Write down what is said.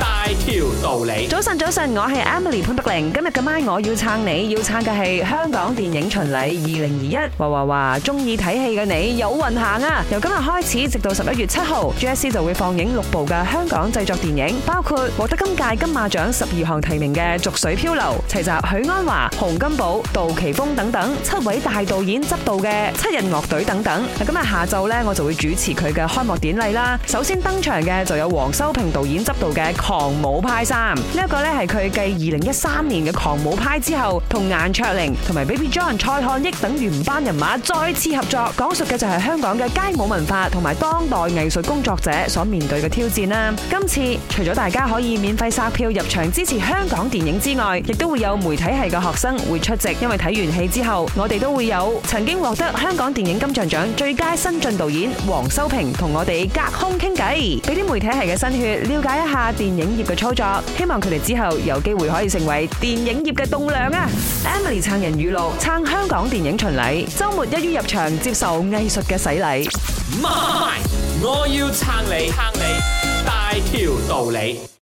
大條道理，早晨早晨，我係 Emily 潘德玲。今日嘅晚我要撐你，要撐嘅係香港電影巡禮二零二一。哇哇哇，中意睇戲嘅你有運行啊！由今日開始直到十一月七號，GSC 就會放映六部嘅香港製作電影，包括獲得今屆金馬獎十二項提名嘅《濁水漂流》，齊集許鞍華、洪金寶、杜琪峯等等七位大導演執導嘅《七人樂隊》等等。今日下晝呢，我就會主持佢嘅開幕典禮啦。首先登場嘅就有黃修平導演執導嘅。狂舞派三呢一個呢係佢繼二零一三年嘅《狂舞派》之後，同顏卓靈同埋 Baby John、BabyJohn, 蔡瀚億等原班人馬再次合作，講述嘅就係香港嘅街舞文化同埋當代藝術工作者所面對嘅挑戰啦。今次除咗大家可以免費索票入場支持香港電影之外，亦都會有媒體系嘅學生會出席，因為睇完戲之後，我哋都會有曾經獲得香港電影金像獎最佳新晉導演黃修平同我哋隔空傾偈，俾啲媒體系嘅新血了解一下電。影業嘅操作，希望佢哋之後有機會可以成為電影業嘅棟樑啊！Emily 撐人語錄，撐香港電影巡禮，週末一於入場接受藝術嘅洗禮。媽咪，我要撐你，撐你大條道理。